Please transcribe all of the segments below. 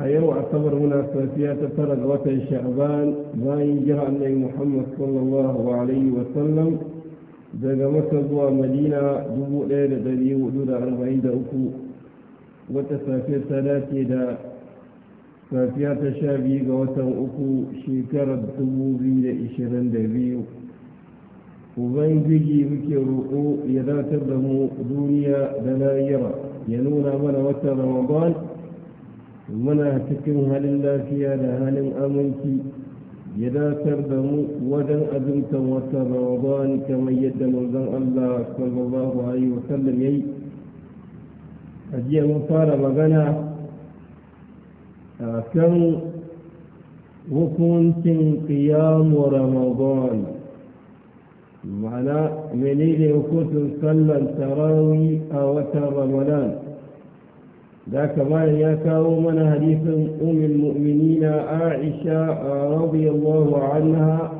أيوة أعتبر هنا ثلاثيات ترد وتن شعبان باين جرى أني محمد صلى الله عليه وسلم دقى مكة مدينة دبو ليلة دبي ودود أربعين دوكو وتسافر ثلاثي دا ثلاثيات شابي غوتن أكو شيكرا دبو بيلة إشرين دبيو وبين بيجي بكي الرقوع يدا تردمو دنيا دلائرة ينونا من وتر رمضان muna cikin halin lafiya da halin aminci ya datar da mu wajen azumtar wata ramadan kamar yadda manzon Allah sallallahu alaihi wasallam yayi a jiya mun fara magana a kan hukuncin qiyamu ramadan ma'ana menene hukuncin sallan tarawih a watan ramadan ذاك ما إياك ومن حديث أم المؤمنين عائشة رضي الله عنها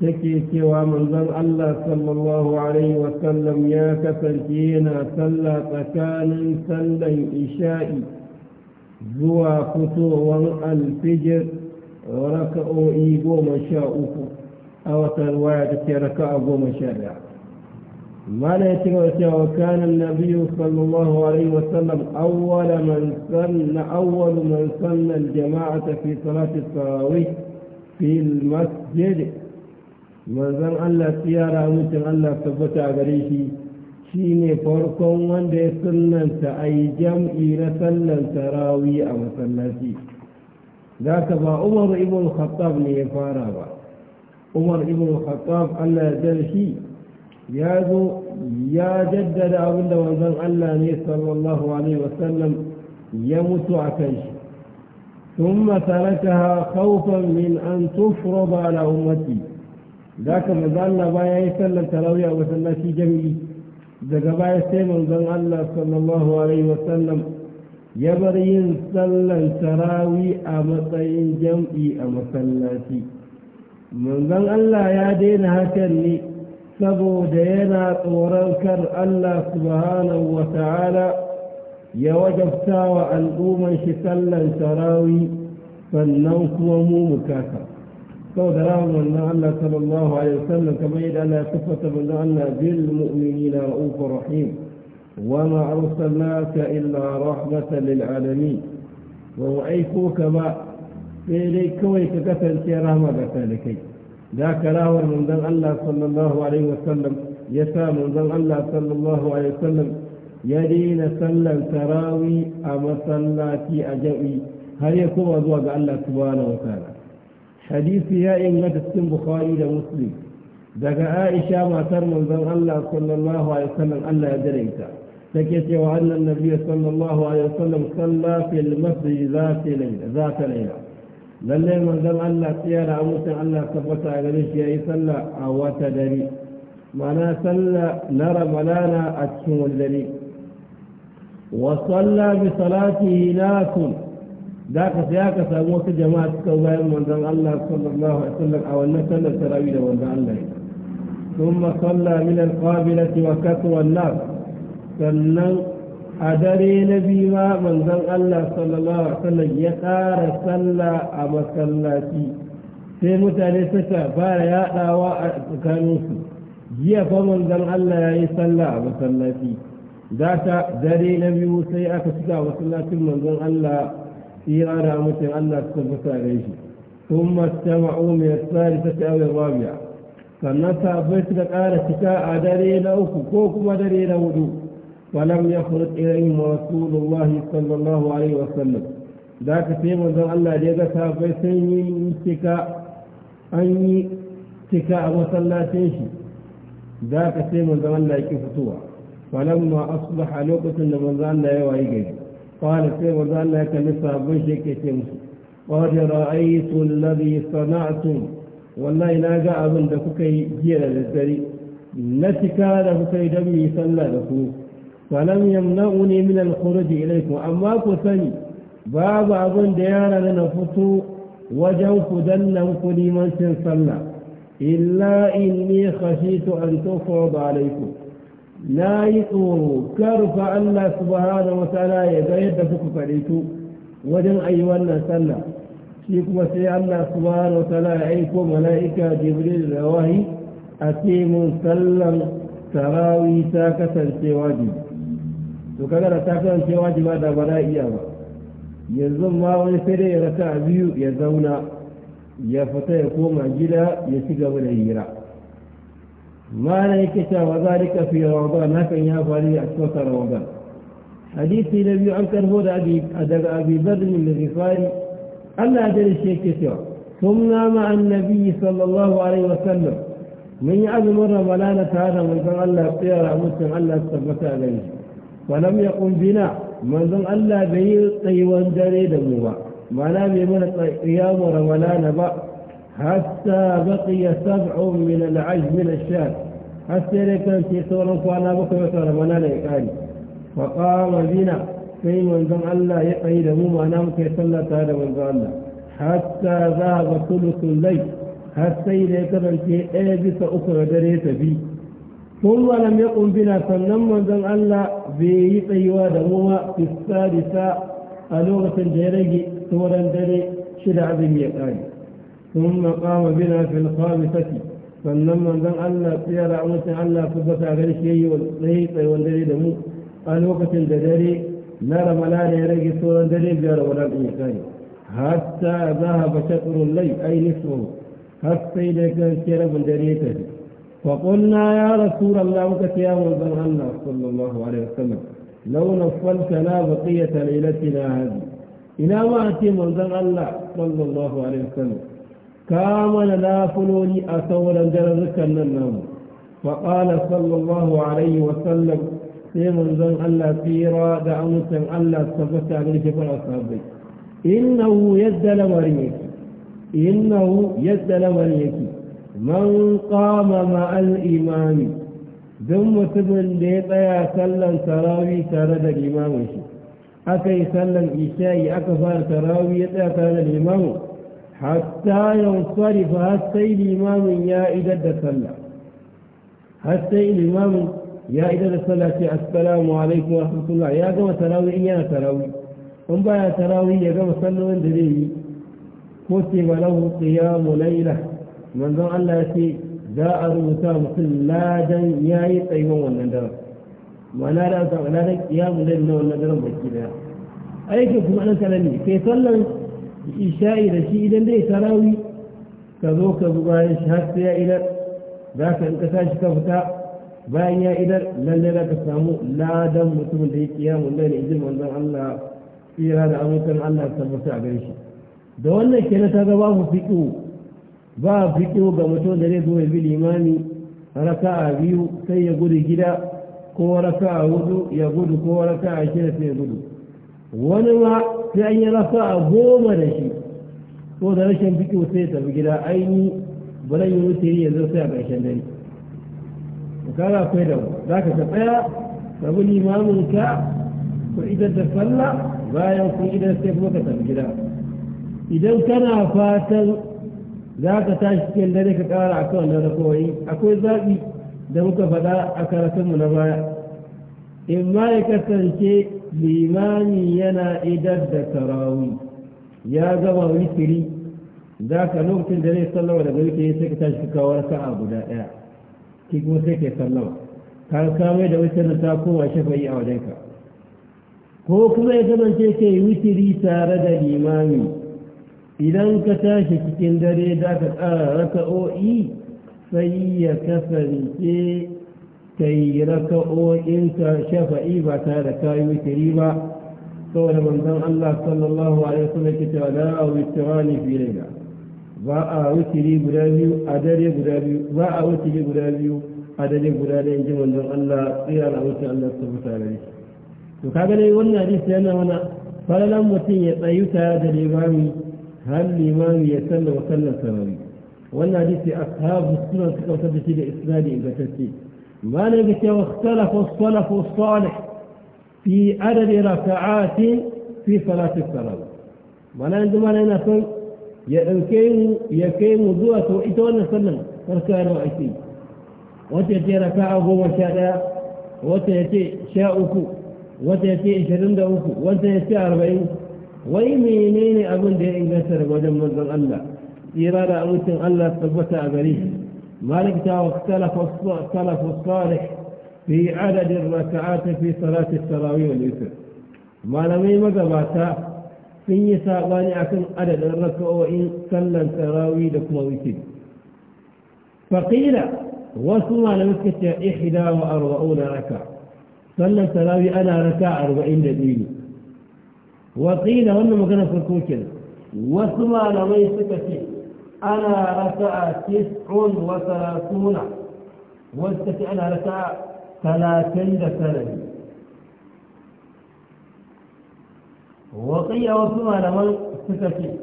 تكي سوى من ذن الله صلى الله عليه وسلم ياك سنتينا سلا تكان سلا إشاء زوى فتوى الفجر ركعوا إيقوا مشاؤكم أو تلوات ركعوا مشاؤكم ما لا وكان النبي صلى الله عليه وسلم أول من سن أول من سن الجماعة في صلاة التراويح في المسجد من زن ألا سيارة مثل ألا سبتة غريشي شيني فرقون وندي سنن أي جمع إلى سنن تراوي أو سنتي ذاك با عمر ابن الخطاب نيفارا عمر ابن الخطاب ألا جل شي ya zo ya jaddada abin da wanzan صلى الله عليه وسلم wasallam عكيش ثم تركها خوفا من أن تفرض على أمتي ذاك مزال بايا يسلم تلوي تلوية وسلاشي جميل ذاك بايا سيمن ذن الله صلى الله عليه وسلم يبرين سلم تراوي أمطين جمعي أمسلاتي من ذن الله يا دين هكذا تبو دينا طورنك الله سبحانه وتعالى يا وجب ساوى الأوما شتلا سراوي فالنوك ومو مكاثر تو دراهم أن الله صلى الله عليه وسلم كما يدعى لا صفة من أن بالمؤمنين رؤوف رحيم وما أرسلناك إلا رحمة للعالمين وأعيكوا كما في ليك كويك كثر انت يا رحمة بثالكي ذاك راور من ذن الله صلى الله عليه وسلم يسا من ذن الله صلى الله عليه وسلم يدين سلم تراوي أما صلاتي أجوي هل يكون وضوء الله سبحانه وتعالى حديث يا إن تسلم بخاري ومسلم ذاك عائشة ما تر من ذن الله صلى الله عليه وسلم ألا يدريك تكيت وأن النبي صلى الله عليه وسلم صلى في المسجد ذات ليلة ذات ليلة lallai manzon Allah tsiyara mutum Allah tabbata a gare shi yayi sallah a wata dare mana sallah na ramalana a cikin wani dare wa salla bi salatihi nasun da ka sai aka samu wasu jama'a suka bayan manzon Allah sallallahu alaihi wasallam a wannan sallar tarawih da manzon Allah ثم صلى من القابلة وكثر الناس sannan a dare na biyu ma manzon Allah sallallahu alaihi wasallam ya ƙara sallah a masallaci sai mutane suka fara yaɗawa a tsakaninsu jiya fa manzon Allah ya yi sallah a masallaci za ta dare na biyu sai aka cika masallacin manzon Allah tsira da mutum Allah su tabbata da shi sun mastama'u mai tsari ta tsawon rabia sannan sabai suka ƙara cika a dare na uku ko kuma dare na hudu فلم يخرج إليهم رسول الله صلى الله عليه وسلم ذاك في مزان الله ديغا سابي سنين تكا أني تكا وصلى تنشي ذاك في مزان الله كفتوا فلما أصبح لوقت مزان الله يوايقين قال في مزان الله كلسا بشك تمشي قال رأيت الذي صنعتم والله لا ناقا أبن دكوكي جيل للدري نتكا دكوكي دمي صلى دكوكي فلم يمنعني من الخروج إليكم أما كثني باب أبن ديانا لنفتو وجوك دنمك لمن صلى إلا إني خشيت أن تفرض عليكم لا يقول كرف أن سبحانه وتعالى يزيد فكف عليكم وجن أيها النسلى شيكم سي الله سبحانه وتعالى عليكم ملائكة جبريل رواهي أتيم سلم تراوي ساكة سواجب to kaga da tafiyan kasance wajiba da ba za iya ba yanzu ma wani sai dai ya rasa a biyu ya zauna ya fita ya koma gida ya ci gaba da hira mana yake cewa zalika fi na kan ya faru a cikin ramadan hadisi na biyu an karfo da abi daga abi badrin da zifari Allah ya jari shi yake cewa sun مع النبي صلى الله عليه وسلم من يعظم الرمضان تعالى من قال الله اختيار مسلم الله ثبت عليه ولم يقم بنا من ذن ألا بيطي واندري دموا ما لم يمن قيام رمضان نبا حتى بقي سبع من العجز من الشاب حتى لكم في سورة فانا بكم رمضان ما فقام بنا في من ذن ألا يقي دموا ما لم نعم يصلى تعالى من ذن حتى ذهب ثلث الليل حتى لكم في أي أبس أخرى دريت فيه ثم لم يقم بنا فلما دم ألا بيطيوا دموما في الثالثة ألوغة جيرجي سورا دري شدع بميقاني ثم قام بنا في الخامسة فلما دم ألا في رعوه ألا فبت غير شيء والطيطيوا دري دمو ألوغة دري نرى ملا يرجي سورا دري بيار ولا بميقاني حتى ذهب شطر الليل أي نصفه حتى إذا كان شرب دريته فقلنا يا رسول الله وكتيا وزن الله صلى الله عليه وسلم لو نفلتنا بقية ليلتنا هذه إلى ما أتي منزل الله صلى الله عليه وسلم كامل لا فلولي أسولا جرزكا النوم فقال صلى الله عليه وسلم في منزل الله رادع دعوت الله صفت عليه شفر أصحابي إنه يد لوريك إنه يد لوريك man qama ma'al imami don mutumin da ya tsaya sallan tarawih tare da limamin shi aka yi sallan isha'i aka fara tarawih ya tsaya tare da limamin hatta yansarifa har sai limamin ya idar da sallah har sai limamin ya idar da sallah ce assalamu alaikum wa rahmatullah ya gama tarawih in yana tarawih in baya tarawih ya gama sallolin da zai yi ko ce malahu qiyamu lailah manzon Allah ya ce za a rubuta mutum ladan ya yi tsayuwan wannan daren ma'ana da aka ma'ana da kiyamu da na wannan daren baki daya aikin kuma ɗan kanan ne kai sallan isha'i da shi idan dai tarawi ka zo ka bi bayan shi har sai ya idar za ka in ka tashi ka fita bayan ya idar lallai za ka samu ladan mutumin da ya kiyamu da ne ijin manzon Allah tsira da abokan Allah tabbata a gare shi da wannan kenan ta ga babu fiƙo ba fito ga mutum da zai zo ya bi limami raka'a biyu sai ya gudu gida ko raka'a hudu ya gudu ko raka'a shida sai ya gudu wani ma sai an yi raka'a goma da shi ko da rashin fito sai ya tafi gida aini ba zan yi wuce yanzu sai a ƙarshen dare kaga akwai da za ka tsaya ka bi limamin ka ku idan da sallah bayan kun idan sai kuma ka tafi gida idan kana fatan za ka tashi cikin dare ka kara kan wannan rakowai akwai zaɓi da muka faɗa a karatunmu na baya in ma ya kasance limami yana idar da tarawi ya gama wikiri za ka lokacin da zai sallama daga wikiri sai ka tashi kawo sa'a guda ɗaya ki kuma sai ka sallawa ka kame da wikiri ta kowa shafa'i a wajenka ko kuma ya kasance ke witiri tare da limami idan ka tashi cikin dare za ka ƙara raka'o'i sai ya kasance ka yi raka'o'inka shafa'i ba tare da kayi wikiri ba saboda manzon Allah sallallahu alaihi wasallam ke cewa da a wikirani fi laila ba a wikiri guda biyu a dare guda biyu ba a wikiri guda biyu a dare guda da inji manzon Allah tsira na wuce Allah su fusa da to kaga dai wannan hadisi yana mana falalan mutum ya tsayu tare da limami هل الإيمان يسمى وسلم ثمانية ولا جيتي أصحاب السنة وثبت الإسلام إذا تسيب ما نبت واختلف الصلف الصالح في عدد ركعات في صلاة التراوي ما عندما أنا أقول يكيم يكيم ذوة وإتوانا سلم ركع رأيتي وتأتي ركع أبو مشاهدة وتأتي شاؤك وتأتي شرندك وتأتي أربعين wai menene abin da ya inganta daga wajen manzon Allah tsira da amincin Allah tabbata a gare shi malik ta wa salafu salih fi adadin raka'ata fi salati tarawih wal witr malamai magabata sun yi sabani akan adadin raka'o'in sallan tarawih da kuma witr faqila wasu malamai suka ce ihda wa arba'una raka sallan tarawih ana raka 42 waƙila wannan magana farko wasu malamai suka ce ana rasa a tis'un wa salatuna wasu ta ce ana rasa a talatin da sarari waƙila wasu malamai suka ce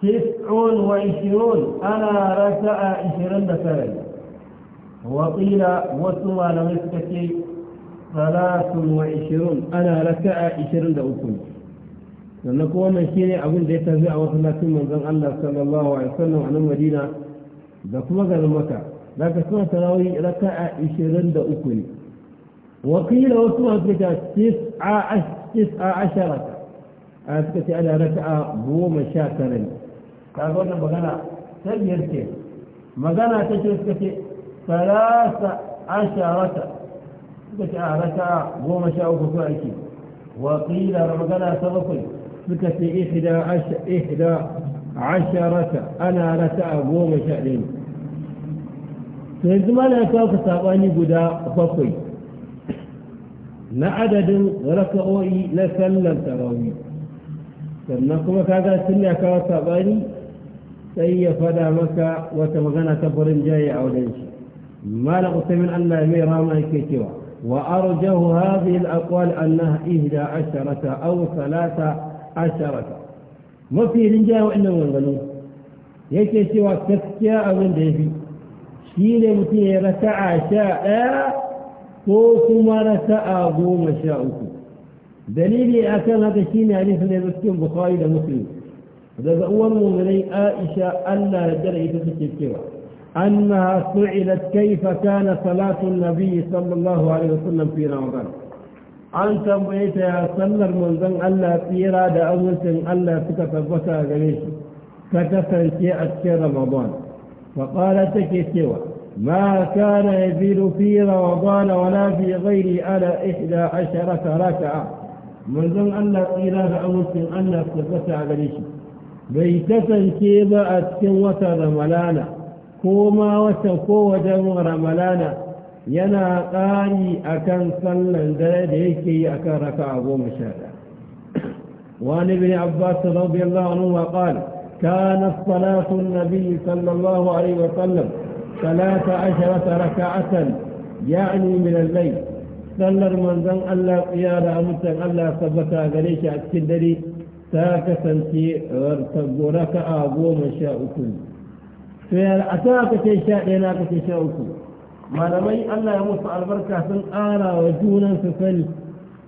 tis'un wa ishirun ana rasa a ishirin da sarari waƙila wasu malamai suka ce salasun wa ishirin ana a ishirin da uku sannan kuma wannan ne abin da ya tafi a wasu lafin manzan Allah sallallahu alaihi wasallam a nan Madina da kuma garin Makka ka suna tarawih raka'a ishirin da uku ne wa qila wasu masu ta tis'a ashara a suka ce ana raka'a goma sha tara ne kaga wannan magana ta biyar ce magana ta ce suka ce salasa asharata suka ce a raka goma sha uku su ake wa ƙila magana ta bakwai suka ce ihda ihda asharata ana raka goma sha ɗaya to yanzu ma na kawo ku saɓani guda bakwai na adadin raka'o'i na sallar tarawih sannan kuma ka ga sun ya kawo saɓani sai ya faɗa maka wata magana ta farin jaya a wajen shi malam usaimin allah mai rama yake cewa وأرجه هذه الأقوال أنها إهدى عشرة أو ثلاثة عشرة ما في رجاء وإنه الغلول يكي سوى تفكى أو من الهدي شين متي رتع شاء فوكما رتع أبوما شاءك دليل أكان هذا الشين يعني صلى الله عليه بخائد مسلم هذا أول من آئشة أن لا يدري تفكى أنها سئلت كيف كان صلاة النبي صلى الله عليه وسلم في رمضان أنت بيت يا سلر من ذن الله في إرادة أول سن الله تكتبتا غريش كتفنسي أتكي رمضان فقالت كسوى ما كان يزيل في رمضان ولا في غيري على إحدى عشرة ركعة من ذن الله في إرادة أول سن الله تكتبتا غريش بيتفنسي أتكي وتر ملانا koma wata ko wajen ramalana yana ƙari akan sallan dare da yake yi akan raka a goma sha ɗaya wani bin abbas radiyallahu anhu wa qala kana salatu nabi sallallahu alaihi wa sallam salata asharata raka'atan ya'ni min al-layl sallar manzon Allah ya da mutan Allah sabbata gare shi a cikin dare ta kasance raka'a goma sha uku to a sa kake sha ɗaya na aka sha uku malamai allah ya musu albarka sun ara wa junan su sani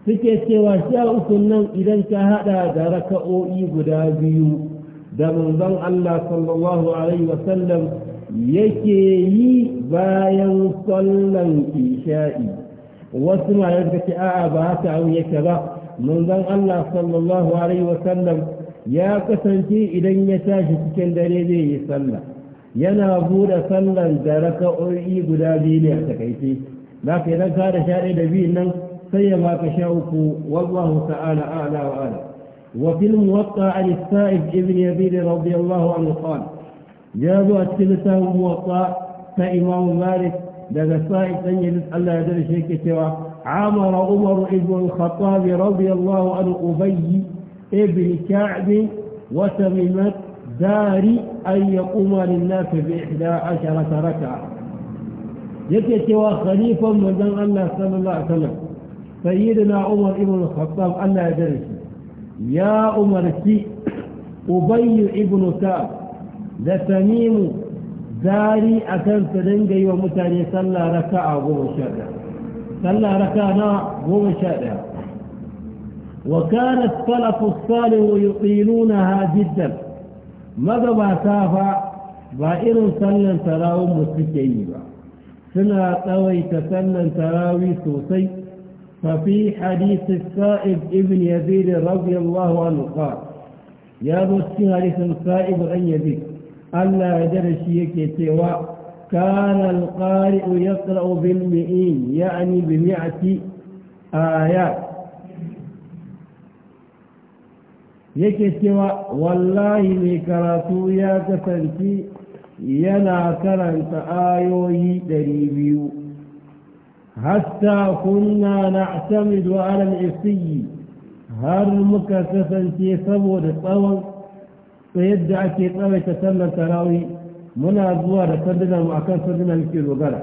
suke cewa sha uku nan idan ka haɗa da raka'o'i guda biyu da manzon allah sallallahu alaihi wa sallam yake yi bayan sallan isha'i wasu ma yadda ke a'a ba haka abu yake ba manzon Allah sallallahu alaihi wa sallam ya kasance idan ya tashi cikin dare zai yi sallah yana buɗe sallan da raka'o'i guda biyu ne a takaice za ka idan ka da sha da biyun nan sai ya baka sha uku wallahu ta'ala a'la wa a'la وفي الموطأ عن السائب ابن يزيد رضي الله عنه قال جابوا الثلثة الموطأ فإمام مالك دقى السائب أن يجد الله يدري شيء سوى عمر عمر ابن الخطاب رضي الله عنه أبي ابن كعب وتميمة الدار أن يقوم للناس بإحدى عشرة ركعة سوى خليفة مدن الله صلى الله عليه وسلم سيدنا عمر ابن الخطاب ألا يدرس يا عمر سي أبي ابن كاب لتميم داري أكن تدنجي ومتاني صلى ركعة قوم الشارع صلى ركعة قوم الشارع وكانت فلق الصالح يطيلونها جداً magabata fa ba irin sallan tarawun mu suke yi ba suna tsawaita sallan ففي حديث السائب ابن يزيد رضي الله عنه قال يا بسي حديث السائب عن يزيد ألا يدرش يكتوى كان القارئ يقرأ بالمئين يعني بمئة آيات yake cewa wallahi mai karatu ya kasance yana karanta ayoyi ɗari biyu hatta kunna na asamidu alal isiyi har muka kasance saboda tsawon tsayar da ake tsawaita sallar tarawi muna zuwa da sandunan mu akan sandunan muke dogara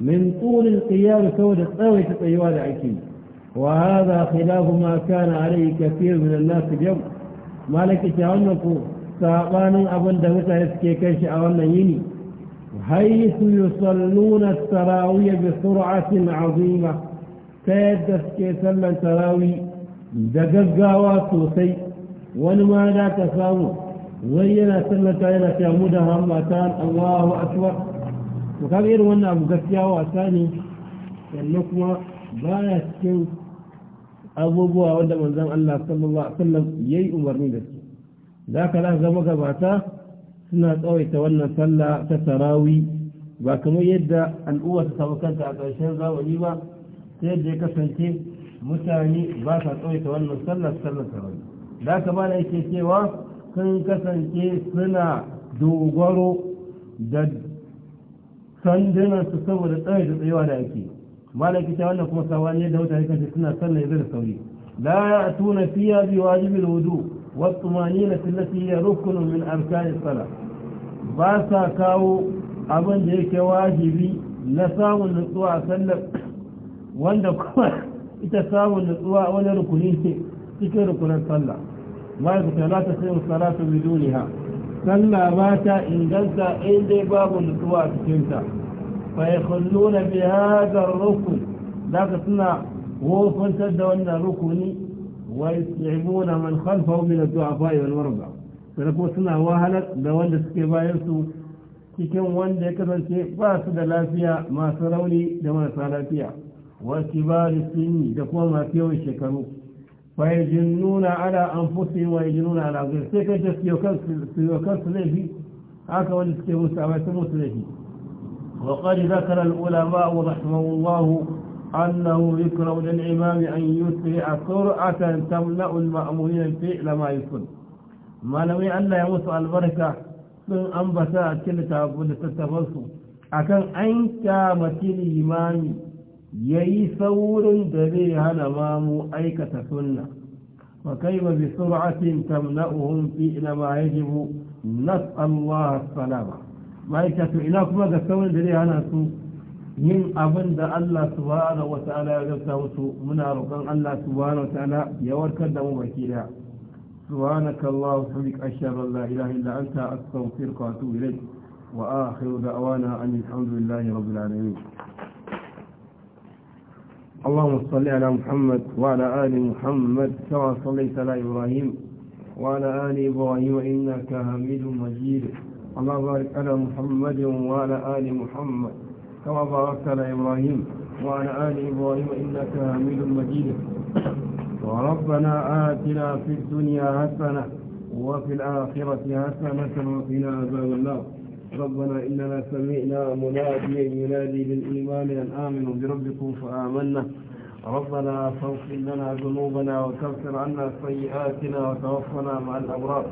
min tsurin tsayar saboda tsawaita tsayuwa da ake yi وهذا خلاف ما كان عليه كثير من الناس اليوم مالك شعنك سابان أبن دمسا اسكيكش أولا يني حيث يصلون التراوي بسرعة عظيمة تيد اسكيسل تراوي دقق واسو سي ونما لا تساوي وينا سلتا إلى تعمدها أمتان الله أكبر وكبير وانا أبو قسيا وأساني النقمة باية كنت abubuwa wanda manzon Allah sallallahu alaihi wasallam yayi umarni da su zaka za ga magabata suna tsawaita wannan sallah ta tarawi ba kamar yadda al'uwa ta samu kanta a ƙarshen zamani ba ta yadda ya kasance mutane ba sa tsawaita wannan sallah sallah tarawi da ka ba da yake cewa sun kasance suna dogaro da su saboda tsawaita tsayuwa da ake malam kita wannan kuma sawani da mutane kan suna sallah da sauri la ya'tuna fiya bi wajibil wudu wa tumanina allati hiya ruknun min arkanis salah ba sa kawo abin da yake wajibi na samun nutsuwa a sallar wanda kuma ita samun nutsuwa wani rukuni ce cikin rukunan sallah ma'aikata la ta sayin salatu biduniha sallah ba ta inganta in babu nutsuwa a cikinta فيخلون بهذا الركن ذاك سنة ووف سد وأن ركني ويسعبون من خلفه من الضعفاء والمرضى سنكون سنة وهلك لو أن سكيبا يسو cikin wanda ya kasance ba su da lafiya masu rauni da marasa lafiya wasu ba da sinyi da kuma masu yawan shekaru fayajin nuna ala an fusi wa yajin nuna ala zai sai kan ta siyo kansu laifi haka wanda suke musu a wasu musu laifi وقد ذكر العلماء رحمه الله أنه يكره للإمام أن يسرع سرعة تملأ المأمورين الفعل ما يصل ما لم يأن لا يمس البركة من بساء كل تابون تتفلسوا أكن أن كامة إمام يي ثور دليها الأمام أي كتسنة وكيف بسرعة تملأهم فعل ما يجب نسأل الله السلامة ma'aika ina kuma ga sauran da zai hana su yin abin da Allah subhanahu wa ta'ala ya gafta musu muna roƙon Allah subhanahu wa ta'ala ya warkar da mu baki سبحانك اللهم وبحمدك أشهد أن لا إله إلا أنت أستغفرك وأتوب إليك وآخر دعوانا أن الحمد لله رب العالمين اللهم صل على محمد وعلى آل محمد كما صليت على إبراهيم وعلى آل إبراهيم إنك حميد مجيد الله بارك على محمد وعلى آل محمد كما باركت على إبراهيم وعلى آل إبراهيم إنك حميد مجيد وربنا آتنا في الدنيا حسنة وفي الآخرة حسنة وقنا عذاب النار ربنا إننا سمعنا مناديا ينادي بالإيمان أن آمنوا بربكم فآمنا ربنا فاغفر لنا ذنوبنا وكفر عنا سيئاتنا وتوفنا مع الأبرار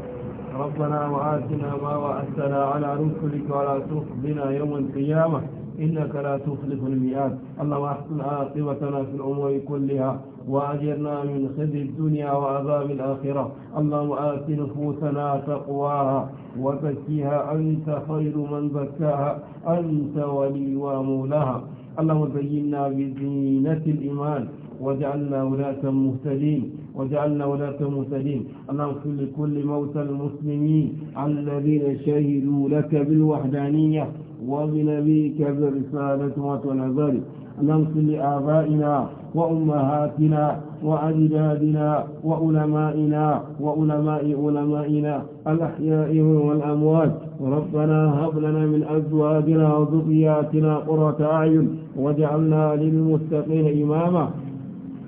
ربنا وآتنا ما وعدتنا على رسلك ولا تخزنا يوم القيامة إنك لا تخلف الميعاد اللهم أحسن عاقبتنا في الأمور كلها وأجرنا من خزي الدنيا وعذاب الآخرة اللهم آت نفوسنا تقواها وزكيها أنت خير من زكاها أنت ولي ومولاها اللهم زينا بزينة الإيمان واجعلنا ولاة مهتدين وجعلنا ولاة مهتدين اللهم اغفر لكل موتى المسلمين الذين شهدوا لك بالوحدانية وبنبيك بالرسالة وتنظر اللهم اغفر لآبائنا وأمهاتنا وأجدادنا وعلمائنا وعلماء علمائنا الأحياء والأموات ربنا هب لنا من أزواجنا وذرياتنا قرة أعين واجعلنا للمتقين إماما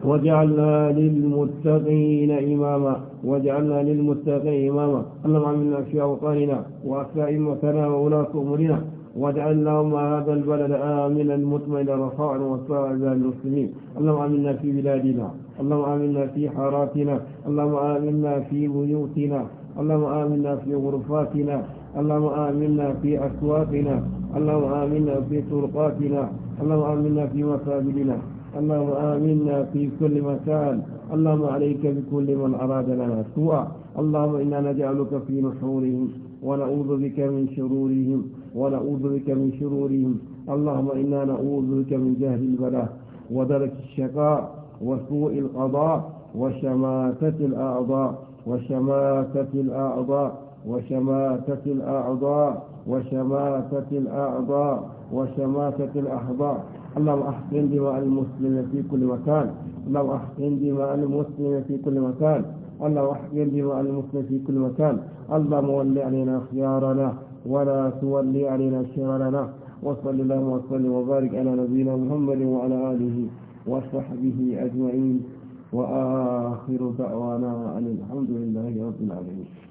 وجعلنا للمتقين إماما وجعلنا للمتقين إماما اللهم عملنا في أوطاننا وأكفى إمتنا وولاة أمرنا واجعل لهم هذا البلد آمنا مطمئنا رخاء وسائر المسلمين اللهم آمنا في بلادنا اللهم آمنا في حاراتنا اللهم آمنا في بيوتنا اللهم آمنا في غرفاتنا اللهم آمنا في أسواقنا اللهم آمنا في طرقاتنا اللهم آمنا في مسابلنا اللهم آمنا في كل مكان اللهم عليك بكل من أراد لنا سوءا اللهم إنا نجعلك في نحورهم ونعوذ بك من شرورهم ونعوذ بك من شرورهم اللهم إنا نعوذ بك من جهل البلاء ودرك الشقاء وسوء القضاء وشماتة الأعضاء وشماتة الأعضاء وشماتة الأعضاء وشماتة الأعضاء وشماتة الأعضاء اللهم احسن دماء المسلمين في كل مكان اللهم احسن دماء المسلمين في كل مكان اللهم احسن دماء المسلمين في كل مكان اللهم ول علينا خيارنا ولا تولي علينا شرارنا وصل اللهم وسلم وبارك على نبينا محمد وعلى اله وصحبه اجمعين واخر دعوانا ان الحمد لله رب العالمين